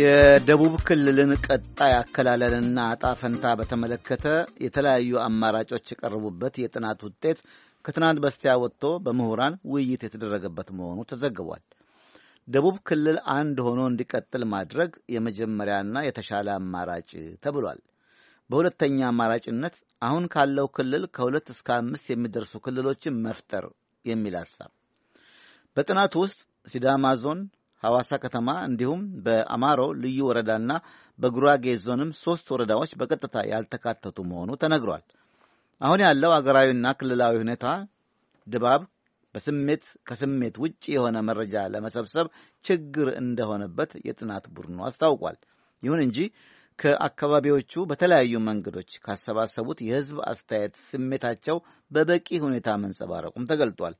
የደቡብ ክልልን ቀጣይ አከላለልና አጣ ፈንታ በተመለከተ የተለያዩ አማራጮች የቀረቡበት የጥናት ውጤት ከትናንት በስቲያ ወጥቶ በምሁራን ውይይት የተደረገበት መሆኑ ተዘግቧል። ደቡብ ክልል አንድ ሆኖ እንዲቀጥል ማድረግ የመጀመሪያና የተሻለ አማራጭ ተብሏል። በሁለተኛ አማራጭነት አሁን ካለው ክልል ከሁለት እስከ አምስት የሚደርሱ ክልሎችን መፍጠር የሚል ሐሳብ በጥናቱ ውስጥ ሲዳማ ዞን ሐዋሳ ከተማ እንዲሁም በአማሮ ልዩ ወረዳና በጉራጌ ዞንም ሶስት ወረዳዎች በቀጥታ ያልተካተቱ መሆኑ ተነግሯል። አሁን ያለው አገራዊና ክልላዊ ሁኔታ ድባብ በስሜት ከስሜት ውጭ የሆነ መረጃ ለመሰብሰብ ችግር እንደሆነበት የጥናት ቡድኑ አስታውቋል። ይሁን እንጂ ከአካባቢዎቹ በተለያዩ መንገዶች ካሰባሰቡት የሕዝብ አስተያየት ስሜታቸው በበቂ ሁኔታ መንጸባረቁም ተገልጧል።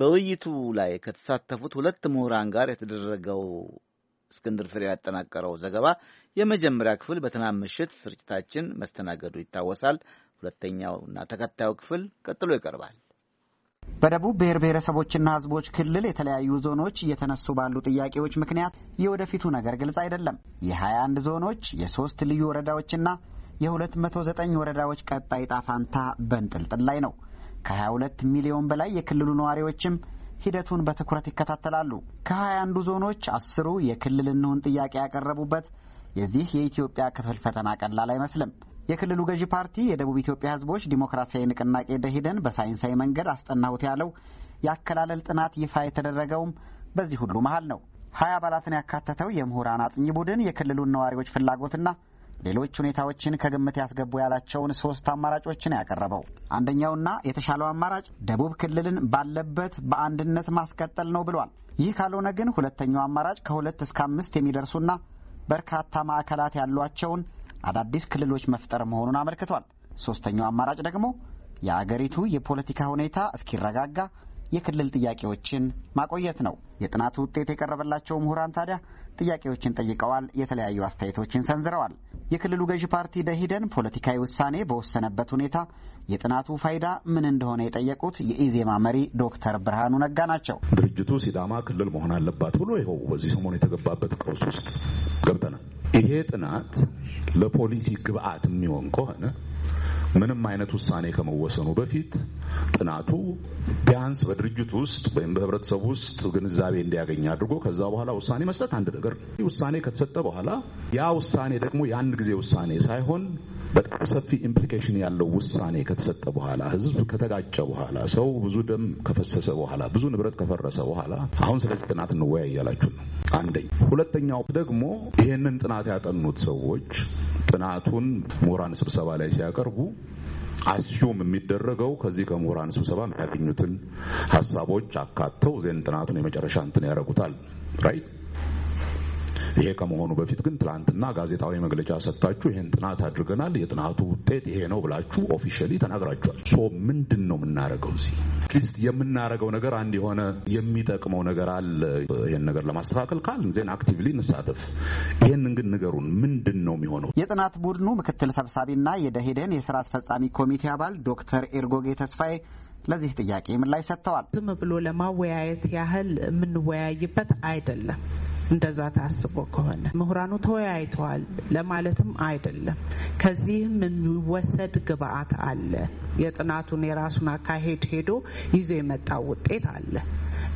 በውይይቱ ላይ ከተሳተፉት ሁለት ምሁራን ጋር የተደረገው እስክንድር ፍሬው ያጠናቀረው ዘገባ የመጀመሪያ ክፍል በትናንት ምሽት ስርጭታችን መስተናገዱ ይታወሳል። ሁለተኛውና ተከታዩ ክፍል ቀጥሎ ይቀርባል። በደቡብ ብሔር ብሔረሰቦችና ሕዝቦች ክልል የተለያዩ ዞኖች እየተነሱ ባሉ ጥያቄዎች ምክንያት የወደፊቱ ነገር ግልጽ አይደለም። የ21 ዞኖች የሶስት ልዩ ወረዳዎችና የ209 ወረዳዎች ቀጣይ ጣፋንታ በንጥልጥል ላይ ነው። ከ22 ሚሊዮን በላይ የክልሉ ነዋሪዎችም ሂደቱን በትኩረት ይከታተላሉ። 21 አንዱ ዞኖች አስሩ የክልል እንሁን ጥያቄ ያቀረቡበት የዚህ የኢትዮጵያ ክፍል ፈተና ቀላል አይመስልም። የክልሉ ገዢ ፓርቲ የደቡብ ኢትዮጵያ ሕዝቦች ዲሞክራሲያዊ ንቅናቄ ደሂደን በሳይንሳዊ መንገድ አስጠናሁት ያለው የአከላለል ጥናት ይፋ የተደረገውም በዚህ ሁሉ መሀል ነው። ሀያ አባላትን ያካተተው የምሁራን አጥኚ ቡድን የክልሉን ነዋሪዎች ፍላጎትና ሌሎች ሁኔታዎችን ከግምት ያስገቡ ያላቸውን ሶስት አማራጮችን ያቀረበው። አንደኛውና የተሻለው አማራጭ ደቡብ ክልልን ባለበት በአንድነት ማስቀጠል ነው ብሏል። ይህ ካልሆነ ግን ሁለተኛው አማራጭ ከሁለት እስከ አምስት የሚደርሱና በርካታ ማዕከላት ያሏቸውን አዳዲስ ክልሎች መፍጠር መሆኑን አመልክቷል። ሶስተኛው አማራጭ ደግሞ የአገሪቱ የፖለቲካ ሁኔታ እስኪረጋጋ የክልል ጥያቄዎችን ማቆየት ነው። የጥናቱ ውጤት የቀረበላቸው ምሁራን ታዲያ ጥያቄዎችን ጠይቀዋል። የተለያዩ አስተያየቶችን ሰንዝረዋል። የክልሉ ገዢ ፓርቲ ደኢህዴን ፖለቲካዊ ውሳኔ በወሰነበት ሁኔታ የጥናቱ ፋይዳ ምን እንደሆነ የጠየቁት የኢዜማ መሪ ዶክተር ብርሃኑ ነጋ ናቸው። ድርጅቱ ሲዳማ ክልል መሆን አለባት ብሎ ይኸው በዚህ ሰሞን የተገባበት ቀውስ ውስጥ ገብተናል። ይሄ ጥናት ለፖሊሲ ግብዓት የሚሆን ከሆነ ምንም አይነት ውሳኔ ከመወሰኑ በፊት ጥናቱ ቢያንስ በድርጅት ውስጥ ወይም በህብረተሰቡ ውስጥ ግንዛቤ እንዲያገኝ አድርጎ ከዛ በኋላ ውሳኔ መስጠት አንድ ነገር፣ ውሳኔ ከተሰጠ በኋላ ያ ውሳኔ ደግሞ የአንድ ጊዜ ውሳኔ ሳይሆን በጣም ሰፊ ኢምፕሊኬሽን ያለው ውሳኔ ከተሰጠ በኋላ ህዝብ ከተጋጨ በኋላ ሰው ብዙ ደም ከፈሰሰ በኋላ ብዙ ንብረት ከፈረሰ በኋላ አሁን ስለዚህ ጥናት እንወያይ ነው። አንደኛ። ሁለተኛው ደግሞ ይህንን ጥናት ያጠኑት ሰዎች ጥናቱን ምሁራን ስብሰባ ላይ ሲያቀርቡ አሲዩም የሚደረገው ከዚህ ከምሁራን ስብሰባ የሚያገኙትን ሀሳቦች አካተው ዜን ጥናቱን የመጨረሻ እንትን ያደርጉታል። ራይት። ይሄ ከመሆኑ በፊት ግን ትላንትና ጋዜጣዊ መግለጫ ሰጥታችሁ ይህን ጥናት አድርገናል፣ የጥናቱ ውጤት ይሄ ነው ብላችሁ ኦፊሻሊ ተናግራችኋል። ሶ ምንድን ነው የምናደርገው? እዚህ አትሊስት የምናደርገው ነገር አንድ የሆነ የሚጠቅመው ነገር አለ። ይህን ነገር ለማስተካከል ካል ዜን አክቲቭሊ እንሳተፍ። ይህን እናንተን ግን ንገሩን፣ ምንድን ነው የሚሆነው? የጥናት ቡድኑ ምክትል ሰብሳቢና የደሄደን የስራ አስፈጻሚ ኮሚቴ አባል ዶክተር ኤርጎጌ ተስፋዬ ለዚህ ጥያቄ ምላሽ ሰጥተዋል። ዝም ብሎ ለማወያየት ያህል የምንወያይበት አይደለም። እንደዛ ታስቦ ከሆነ ምሁራኑ ተወያይተዋል ለማለትም አይደለም። ከዚህም የሚወሰድ ግብአት አለ። የጥናቱን የራሱን አካሄድ ሄዶ ይዞ የመጣ ውጤት አለ።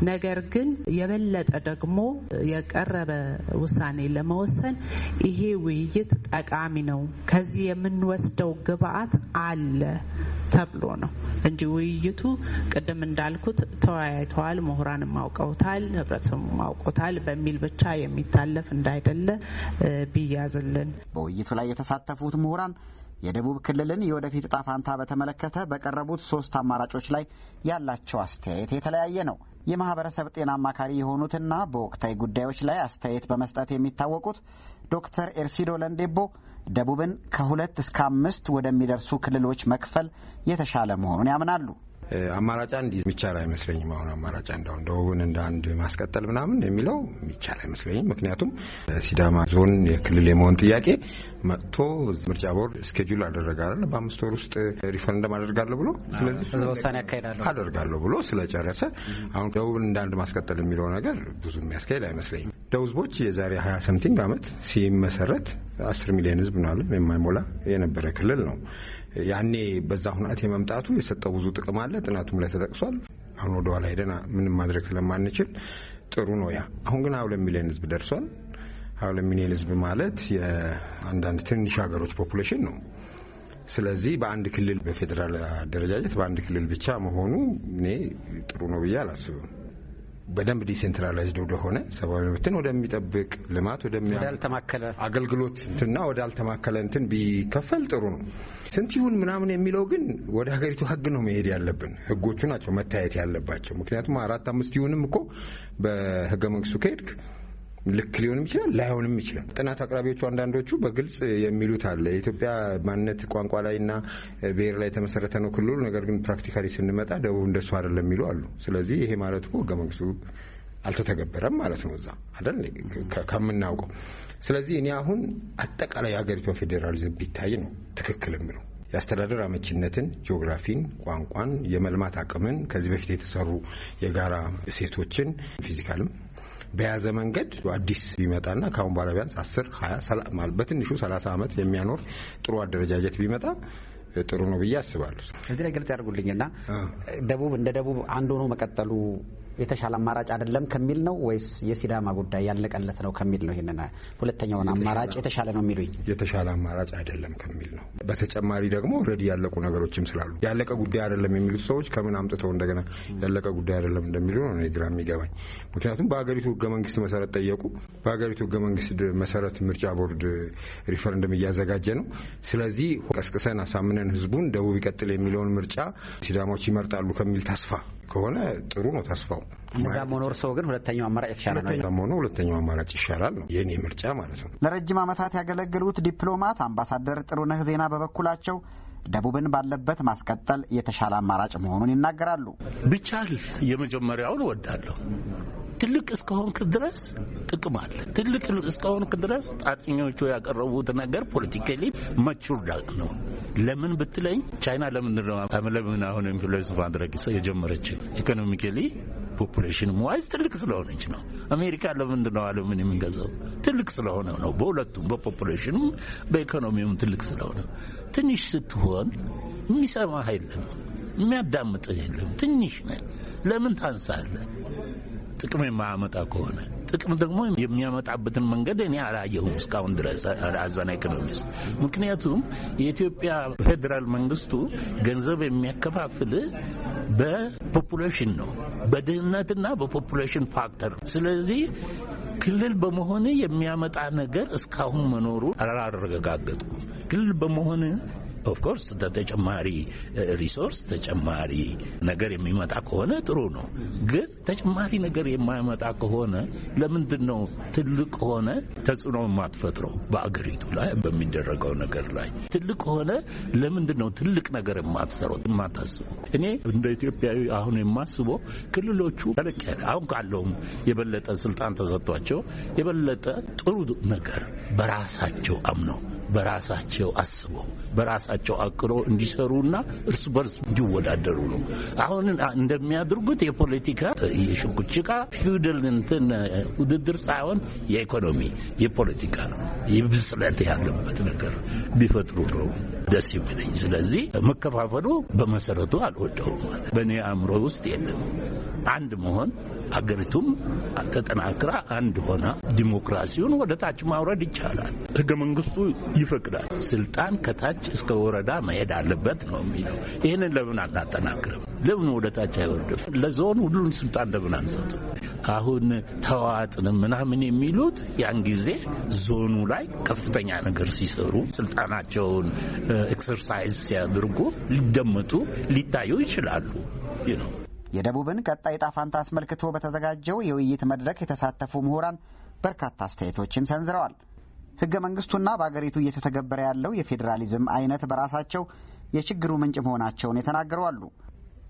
ነገር ግን የበለጠ ደግሞ የቀረበ ውሳኔ ለመወሰን ይሄ ውይይት ጠቃሚ ነው፣ ከዚህ የምንወስደው ግብአት አለ ተብሎ ነው እንጂ ውይይቱ ቅድም እንዳልኩት ተወያይተዋል፣ ምሁራንም አውቀውታል፣ ህብረተሰቡም አውቀውታል በሚል ብቻ የሚታለፍ እንዳይደለ ብያዝልን። በውይይቱ ላይ የተሳተፉት ምሁራን የደቡብ ክልልን የወደፊት እጣ ፋንታ በተመለከተ በቀረቡት ሶስት አማራጮች ላይ ያላቸው አስተያየት የተለያየ ነው። የማህበረሰብ ጤና አማካሪ የሆኑትና በወቅታዊ ጉዳዮች ላይ አስተያየት በመስጠት የሚታወቁት ዶክተር ኤርሲዶ ለንዴቦ ደቡብን ከሁለት እስከ አምስት ወደሚደርሱ ክልሎች መክፈል የተሻለ መሆኑን ያምናሉ። አማራጭ አንድ የሚቻል አይመስለኝም። አሁን አማራጭ አንድ አሁን ደቡብን እንደ አንድ ማስቀጠል ምናምን የሚለው የሚቻል አይመስለኝም። ምክንያቱም ሲዳማ ዞን የክልል የመሆን ጥያቄ መጥቶ ምርጫ ቦርድ ስኬጁል አደረገ አለ በአምስት ወር ውስጥ ሪፈረንደም አደርጋለሁ ብሎ ስለዚህ ውሳኔ አካሄዳለሁ አደርጋለሁ ብሎ ስለጨረሰ አሁን ደቡብን እንደ አንድ ማስቀጠል የሚለው ነገር ብዙ የሚያስካሄድ አይመስለኝም። ደቡብ ህዝቦች የዛሬ 20 ሰምቲንግ ዓመት ሲመሰረት 10 ሚሊዮን ህዝብ ነው ዓለም የማይሞላ የነበረ ክልል ነው። ያኔ በዛ ሁናት የመምጣቱ የሰጠው ብዙ ጥቅም አለ። ጥናቱም ላይ ተጠቅሷል። አሁን ወደ ኋላ ሄደና ምንም ማድረግ ስለማንችል ጥሩ ነው ያ። አሁን ግን 2 ሚሊዮን ህዝብ ደርሷል። 2 ሚሊዮን ህዝብ ማለት የአንዳንድ ትንሽ ሀገሮች ፖፑሌሽን ነው። ስለዚህ በአንድ ክልል በፌዴራል አደረጃጀት በአንድ ክልል ብቻ መሆኑ እኔ ጥሩ ነው ብዬ አላስብም። በደንብ ዲሴንትራላይዝድ ወደሆነ ሰብአዊ መብትን ወደሚጠብቅ ልማት ወደሚያልተማከለ አገልግሎት እንትና ወዳልተማከለ እንትን ቢከፈል ጥሩ ነው። ስንት ይሁን ምናምን የሚለው ግን ወደ ሀገሪቱ ህግ ነው መሄድ ያለብን። ህጎቹ ናቸው መታየት ያለባቸው። ምክንያቱም አራት አምስት ይሁንም እኮ በህገ መንግስቱ ከሄድክ ልክ ሊሆንም ይችላል ላይሆንም ይችላል። ጥናት አቅራቢዎቹ አንዳንዶቹ በግልጽ የሚሉት አለ የኢትዮጵያ ማንነት ቋንቋ ላይና ብሔር ላይ የተመሰረተ ነው ክልሉ። ነገር ግን ፕራክቲካሊ ስንመጣ ደቡብ እንደሱ አይደለም የሚሉ አሉ። ስለዚህ ይሄ ማለት እኮ ህገ መንግስቱ አልተተገበረም ማለት ነው። እዛ አይደል ከምናውቀው። ስለዚህ እኔ አሁን አጠቃላይ የሀገሪቷ ፌዴራሊዝም ቢታይ ነው ትክክል የሚለው የአስተዳደር አመቺነትን፣ ጂኦግራፊን፣ ቋንቋን፣ የመልማት አቅምን፣ ከዚህ በፊት የተሰሩ የጋራ እሴቶችን ፊዚካልም በያዘ መንገድ አዲስ ቢመጣና ከአሁን በኋላ ቢያንስ አስር ሀያ በትንሹ ሰላሳ ዓመት የሚያኖር ጥሩ አደረጃጀት ቢመጣ ጥሩ ነው ብዬ አስባለሁ። እዚህ ላይ ግልጽ ያደርጉልኝና ደቡብ እንደ ደቡብ አንድ ሆኖ መቀጠሉ የተሻለ አማራጭ አይደለም ከሚል ነው ወይስ የሲዳማ ጉዳይ ያለቀለት ነው ከሚል ነው? ይህንን ሁለተኛውን አማራጭ የተሻለ ነው የሚሉኝ የተሻለ አማራጭ አይደለም ከሚል ነው። በተጨማሪ ደግሞ ረድ ያለቁ ነገሮችም ስላሉ ያለቀ ጉዳይ አይደለም የሚሉት ሰዎች ከምን አምጥተው እንደገና ያለቀ ጉዳይ አይደለም እንደሚሉ ነው እኔ ግራ የሚገባኝ። ምክንያቱም በሀገሪቱ ህገ መንግስት መሰረት ጠየቁ። በሀገሪቱ ህገ መንግስት መሰረት ምርጫ ቦርድ ሪፈረንደም እያዘጋጀ ነው። ስለዚህ ቀስቅሰን አሳምነን ህዝቡን ደቡብ ይቀጥል የሚለውን ምርጫ ሲዳማዎች ይመርጣሉ ከሚል ተስፋ ከሆነ ጥሩ ነው ተስፋው። እዛም ሆኖ እርስዎ ግን ሁለተኛው አማራጭ የተሻለ ነው። እዛም ሆኖ ሁለተኛው አማራጭ ይሻላል ነው የእኔ ምርጫ ማለት ነው። ለረጅም ዓመታት ያገለገሉት ዲፕሎማት አምባሳደር ጥሩነህ ዜና በበኩላቸው ደቡብን ባለበት ማስቀጠል የተሻለ አማራጭ መሆኑን ይናገራሉ። ብቻል የመጀመሪያውን እወዳለሁ። ትልቅ እስከሆንክ ድረስ ጥቅም አለ። ትልቅ እስከሆንክ ድረስ ጣጥኞቹ ያቀረቡት ነገር ፖለቲካሊ መቹርድ ነው። ለምን ብትለኝ ቻይና ለምን ለምን አሁን ኢንፍሉዌንስ ማድረግ የጀመረችን ኢኮኖሚካሊ ፖፑሌሽን ዋይዝ ትልቅ ስለሆነች ነው። አሜሪካ ለምንድን ነው ዓለምን የሚገዛው? ትልቅ ስለሆነ ነው። በሁለቱም በፖፑሌሽንም በኢኮኖሚውም ትልቅ ስለሆነ። ትንሽ ስትሆን የሚሰማህ የለም፣ የሚያዳምጥህ የለም። ትንሽ ነህ። ለምን ታንሳለህ? ጥቅም የማያመጣ ከሆነ ጥቅም ደግሞ የሚያመጣበትን መንገድ እኔ አላየሁም እስካሁን ድረስ አዛና ኢኮኖሚስት። ምክንያቱም የኢትዮጵያ ፌዴራል መንግስቱ ገንዘብ የሚያከፋፍል በፖፑሌሽን ነው፣ በድህነትና በፖፑሌሽን ፋክተር። ስለዚህ ክልል በመሆን የሚያመጣ ነገር እስካሁን መኖሩ አላረጋገጥኩም። ክልል በመሆን ኦፍኮርስ ተጨማሪ ሪሶርስ uh, ተጨማሪ ነገር የሚመጣ ከሆነ ጥሩ ነው። ግን ተጨማሪ ነገር የማይመጣ ከሆነ ለምንድን ነው ትልቅ ሆነ ተጽዕኖ የማትፈጥረው በአገሪቱ ላይ በሚደረገው ነገር ላይ ትልቅ ሆነ ለምንድን ነው ትልቅ ነገር የማትሰሩት የማታስቡ? እኔ እንደ ኢትዮጵያዊ አሁን የማስበው ክልሎቹ ተለቅ ያለ አሁን ካለውም የበለጠ ስልጣን ተሰጥቷቸው የበለጠ ጥሩ ነገር በራሳቸው አምነው በራሳቸው አስበው በራሳቸው አቅሮ እንዲሰሩና እርስ በርስ እንዲወዳደሩ ነው። አሁን እንደሚያደርጉት የፖለቲካ የሽኩችቃ ፊውደል እንትን ውድድር ሳይሆን የኢኮኖሚ የፖለቲካ የብስለት ያለበት ነገር ቢፈጥሩ ነው ደስ የሚለኝ። ስለዚህ መከፋፈሉ በመሰረቱ አልወደውም በእኔ አእምሮ ውስጥ የለም። አንድ መሆን ሀገሪቱም ተጠናክራ አንድ ሆና ዲሞክራሲውን ወደ ታች ማውረድ ይቻላል። ህገ መንግስቱ ይፈቅዳል። ስልጣን ከታች እስከ ወረዳ መሄድ አለበት ነው የሚለው። ይህንን ለምን አናጠናክርም? ለምን ወደ ታች አይወርድም? ለዞን ሁሉን ስልጣን ለምን አንሰጥም? አሁን ተዋጥን ምናምን የሚሉት ያን ጊዜ ዞኑ ላይ ከፍተኛ ነገር ሲሰሩ ስልጣናቸውን ኤክሰርሳይዝ ሲያደርጉ ሊደመጡ ሊታዩ ይችላሉ ነው የደቡብን ቀጣይ ጣፋንት አስመልክቶ በተዘጋጀው የውይይት መድረክ የተሳተፉ ምሁራን በርካታ አስተያየቶችን ሰንዝረዋል። ህገ መንግስቱና በአገሪቱ እየተተገበረ ያለው የፌዴራሊዝም አይነት በራሳቸው የችግሩ ምንጭ መሆናቸውን የተናገሩ አሉ።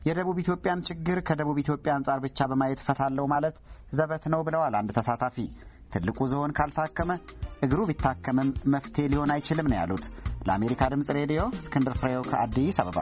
የደቡብ ኢትዮጵያን ችግር ከደቡብ ኢትዮጵያ አንጻር ብቻ በማየት ፈታለው ማለት ዘበት ነው ብለዋል አንድ ተሳታፊ። ትልቁ ዝሆን ካልታከመ እግሩ ቢታከምም መፍትሄ ሊሆን አይችልም ነው ያሉት። ለአሜሪካ ድምፅ ሬዲዮ እስክንድር ፍሬው ከአዲስ አበባ